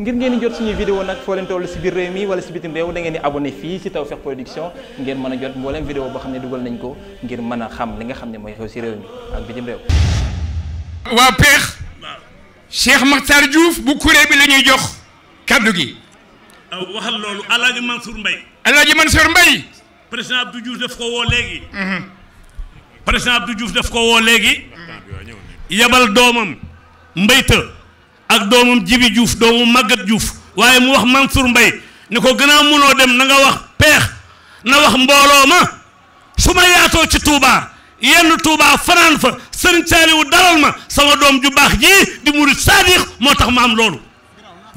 ngir ngeen di jot suñuy vidéo nag foo leen toll si biir réew mi wala si bitim réew da ngeen di abonné fii si Tawfekh Production ngeen mën a jot mbooleem vidéo boo xam ne dugal nañ ko ngir mën a xam li nga xam ne mooy xew si réew mi ak bitim réew waa peex Cheikh Makhtar Diouf bu kuré bi la ñuy jox kàddu gi waxal loolu Alaaji Mansour Mbaye Alaaji Mansour Mbaye président Abdou Diouf daf ko woo léegi mhm. président Abdou Diouf daf ko woo léegi yabal doomam mbayta ak doomam Jibi juuf doomu Maguette juuf waaye mu wax Mansour mbay ni ko gën a mënoo dem na nga wax peex na wax mbooloo ma su ma yaatoo ci tuubaa yenn Touba fanaan fa sëriñ Saaliwu dalal ma sama doom ju baax ji di murit saadix moo tax ma am loolu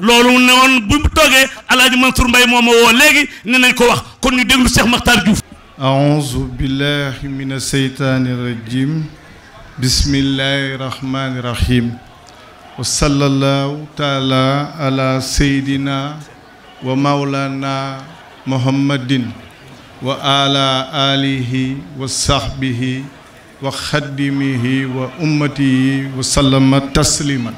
loolu ne woon bu mu toogee alaaji Mansour Mbaye moo ma woo léegi ne nañ ko wax kon ñu déglu Cheikh Makhtar Diouf aouzu billahi min asheytaani bismillahi rahmani rahim wa sallallahu taala ala seydina wa mawlana muhammadin wa ala alihi wa sahbihi wa xaddimihi wa ummatihi wa sallama tasliman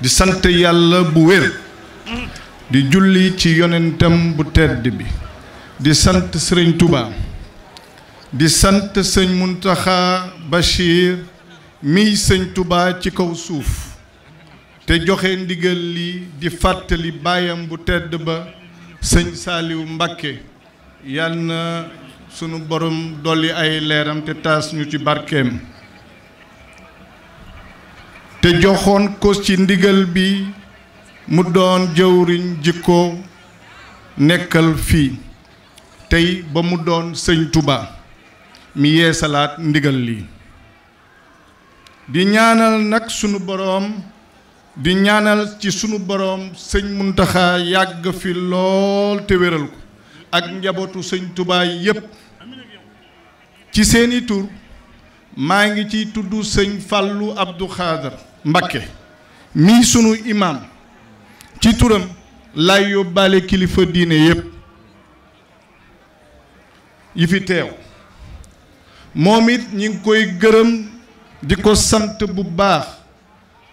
di sant yàlla bu wér di julli ci yonentam bu tedd bi di sant sëriñ Touba di sant sëñ Muntaxa Bachir mi sëñ tubaa ci kaw suuf te joxe ndigal li di fàttali baayam bu tedd ba sëñ saaliwu mbakke yal na sunu boroom dolli ay leeram te taas ñu ci barkeem te joxoon ko ci ndigal bi mu doon jëwriñ ko nekkal fii tey ba mu doon sëñ tubaa mi yeesalaat ndigal li di ñaanal nag sunu boroom di ñaanal ci sunu boroom sëñ Muntaxa yàgg fi lool te ko ak njabootu sëñ Tuubaa yépp ci seeni tur maa ngi ci tudd sëñ Fàllu Abdu Mbakke mii sunu imaam ci turam lay yóbbaale kilifa diine yépp yi fi teew moom it ñi ngi koy gërëm di ko sant bu baax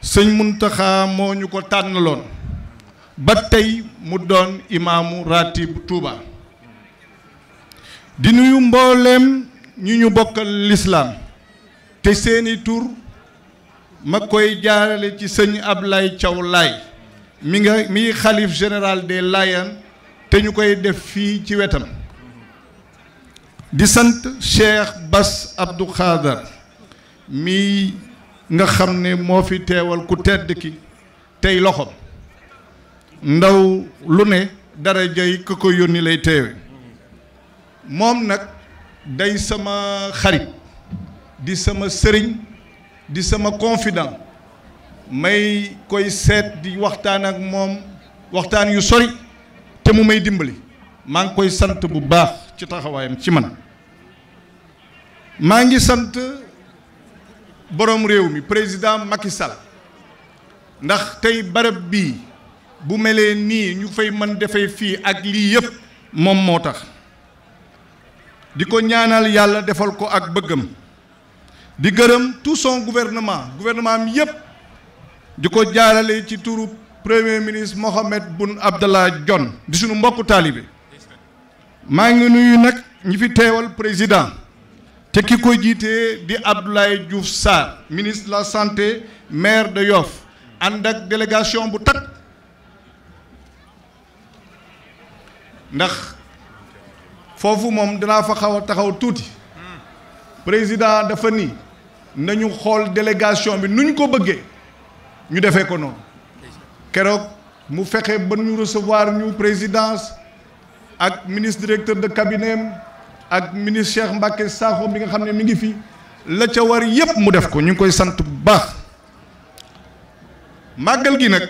sëñ Muntaxa moo ñu ko tànnaloon ba tey mu doon imaamu raatib tuuba di nuyu mbooleem ñu ñu bokkal lislaam te seeni tur ma koy jaarale ci sëñ Ablaye Thiaw Laye mi nga mi xalif général des layan te ñu koy def fii ci wetam di sant Cheikh Bass Abdou Khadar mii nga xam ne moo fi teewal ku tedd ki tey loxom ndaw lu ne dara jay ku ko yónni lay teewe moom nag day sama xarit di sama sëriñ di sama confident may koy seet di waxtaan ak moom waxtaan yu sori te mu may dimbali maa ngi koy sant bu baax ci taxawaayam ci man maa ngi sant boroom réew mi président Macky Sall ndax tey barab bii bu melee nii ñu fay mën defee fii ak lii yëpp moom moo tax di ko ñaanal yàlla defal ko ak bëggam di gërëm tout son gouvernement gouvernement am yëpp di ko jaarale ci turu premier ministre Mohamed Boun Abdallah Dionne di suñu mbokku taalibe maa ngi nuyu nag ñi fi teewal président te ki ko jiitee di Abdoulaye Diouf Sarr ministre de la santé maire de Yoff ànd ak délégation bu takk ndax foofu moom danaa fa xaw a taxaw tuuti président dafa ni nañu xool délégation bi nuñ ko bëggee ñu defee ko noonu keroog mu fexe ba ñu recevoir ñu présidence ak ministre directeur de cabinet ak ministre Cheikh Mbacke Sakho bi nga xam ne mu ngi fi la ca war yépp mu def ko ñu ngi koy sant bu baax màggal gi nag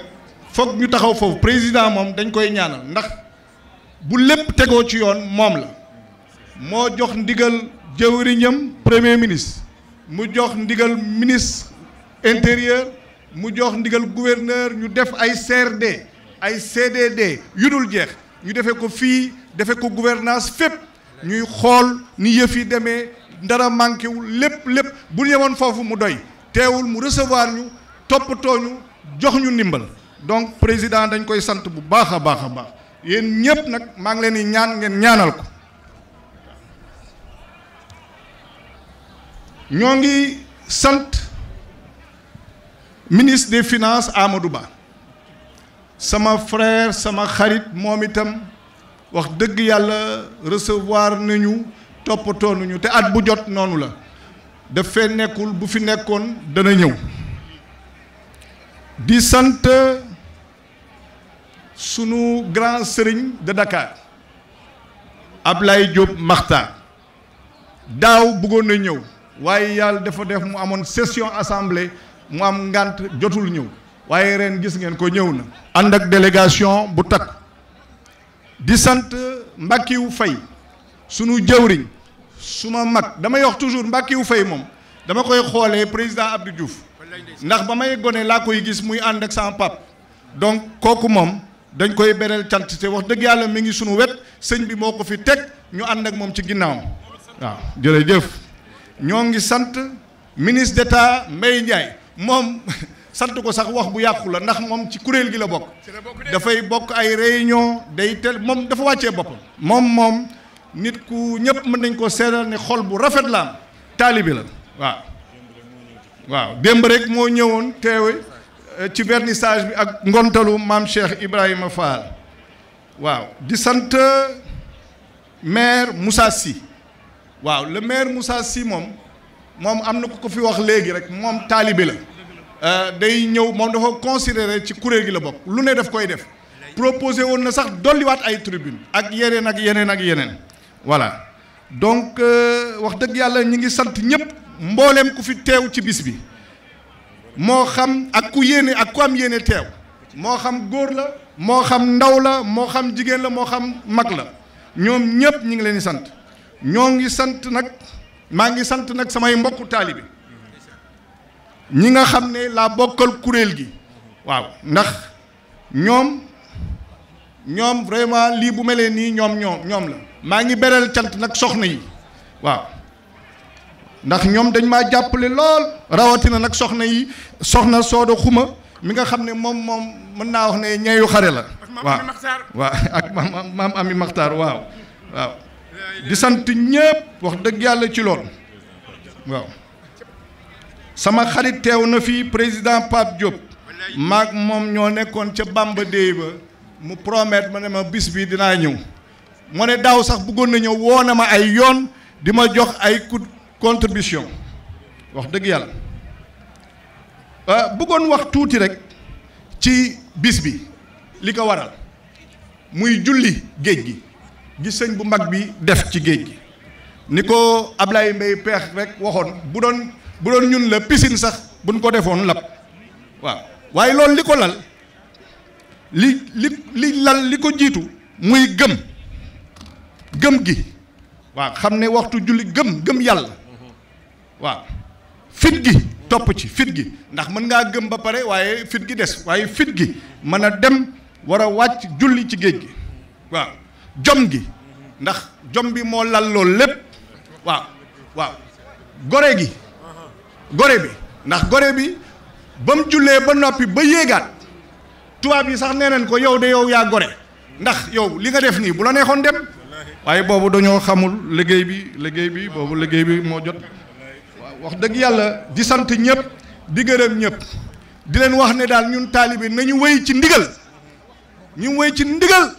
foog ñu taxaw foofu président moom dañ koy ñaanal ndax bu lépp tegoo ci yoon moom la moo jox ndigal jëwriñam premier ministre mu jox ndigal ministre intérieur mu jox ndigal gouverneur ñu def ay CRD ay CDD yu dul jeex ñu defee ko fii defee ko gouvernance fépp ñuy xool ni yëf yi demee ndara manqué wul lépp lépp bu ñu yemoon foofu mu doy teewul mu recevoir ñu toppatoo ñu jox ñu ndimbal donc président dañ koy sant bu baax a baax a baax yéen ñëpp nag maa ngi leen di ñaan ngeen ñaanal ko ñoo ngi sant ministre des finances Amadou Ba sama frère sama xarit moom itam. wax dëgg yàlla resevoir nañu toppatoo nañu te at bu jot noonu la daf fee nekkul bu fi nekkoon dana ñëw di sant sunu grand sëriñ de Dakar Ablaye Diop Makhtar daaw bëggoon na ñëw waaye yàlla dafa def mu amoon session assemblée mu am ngànt jotul ñëw waaye ren gis ngeen ko ñëw na ànd ak délégation bu takk di sant Mbackiou fay sunu jëwriñ ma mag damay wax toujours Mbackiou fay moom dama koy xoolee président Abdou Diouf ndax ba may gone laa koy gis muy ànd ak sama pap donc kooku moom dañ koy bereel cant te wax dëgg yàlla mi ngi sunu wet sëñ bi moo ko fi teg ñu ànd ak moom ci ginnaawam waaw jëf ñoo ngi sant ministre d'État Mbaye Ndiaye moom sant ko sax wax bu yàqu la ndax moom ci kuréel gi la bokk dafay bokk ay réunion day tel moom dafa wàccee boppam moom moom nit ku ñépp mën nañ ko seetal ne xol bu rafet la am taalibi la waaw waaw démb rek moo ñëwoon teewe euh, ci vernissage bi ak ngontalu maam Cheikh Ibrahima Fall waaw di sant euh, maire Moussa Sy waaw le maire Moussa Sy moom moom am na ku ko fi wax léegi rek moom taalibi la Euh, day ñëw moom dafa considéré ci kuréel gi la bokk lu ne daf koy def proposé woon na sax dolliwaat ay tribune ak yeneen ak yeneen ak yeneen voilà donc euh, wax dëgg yàlla ñi ngi sant ñëpp mbooleem ku fi teew ci bis bi moo xam ak ku yéene ak ku am yéene teew moo xam góor la moo xam ndaw la moo xam jigéen la moo xam mag la ñoom ñëpp ñu ngi leen di sant ñoo ngi sant nag maa ngi sant nag samay mbokku taalibe ñi nga xam ne laa bokkal kuréel gi waaw ndax ñoom ñoom vraiment lii bu melee nii ñoom ñoom ñoom la maa ngi beral cant nag soxna yi waaw ndax ñoom dañ maa jàppale lool rawatina nag soxna yi soxna soodo xuma mi nga xam ne moom moom mën naa wax ne ñayu xare la waaw waaw ak maam maam ami maxtaar waaw waaw di sant ñépp wax dëgg yàlla ci lool waaw sama xarit teew na fii président Pape Diop maag moom ñoo nekkoon ca ba déy ba mu promettre ma ne ma bis bi dinaa ñëw mu ne daaw sax bëggoon na ñëw woo na ma ay yoon di ma jox ay coup contribution wax dëgg yàlla euh, bëggoon wax tuuti rek ci bis bi li ko waral muy julli géej gi gis sëñ bu mag bi def ci géej gi ni ko Ablaye Mbaye peex rek waxoon bu doon bu doon ñun la piscine sax buñ ko defoon lab waaw waaye loolu li ko lal li li li lal li ko jiitu muy gëm gëm gi waaw xam ne waxtu julli gëm gëm yàlla waaw fit gi topp ci fit gi ndax mën ngaa gëm ba pare waaye fit gi des waaye fit gi mën a dem war a wàcc julli ci géej gi waaw jom gi ndax jom bi moo lal lool lépp waaw waaw gore gi gore bi ndax gore bi ba mu jullee ba noppi ba yéegaat tubaab yi sax nee ko yow de yow yaa gore ndax yow li nga def nii bu la neexoon dem waaye boobu dañoo xamul liggéey bi liggéey bi boobu liggéey bi moo jot waaw wax dëgg yàlla di sant ñëpp di gërëm ñëpp di leen wax ne daal ñun taalibe nañu wéy ci ndigal ñu wéy ci ndigal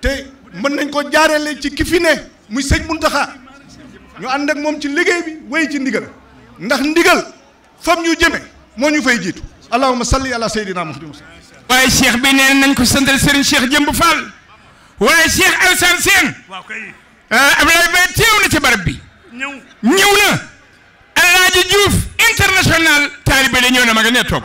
te mën nañ ko jaarale ci ki fi ne muy sëñ Muntaxa ñu ànd ak moom ci liggéey bi wéy ci ndigal ndax ndigal fam ñu jëme moo ñu fay jiitu allahumma salli ala sayyidina muhammad waaye cheikh bi nee nañ ko santal Serigne Cheikh Jëmb Fall waaye cheikh Alassane Sène ah, Abdoulaye Baye teew na ci barab bi ñëw na Alaaji Diouf international taalibe la ñëw na ma nga nee toog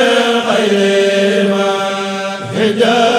jaa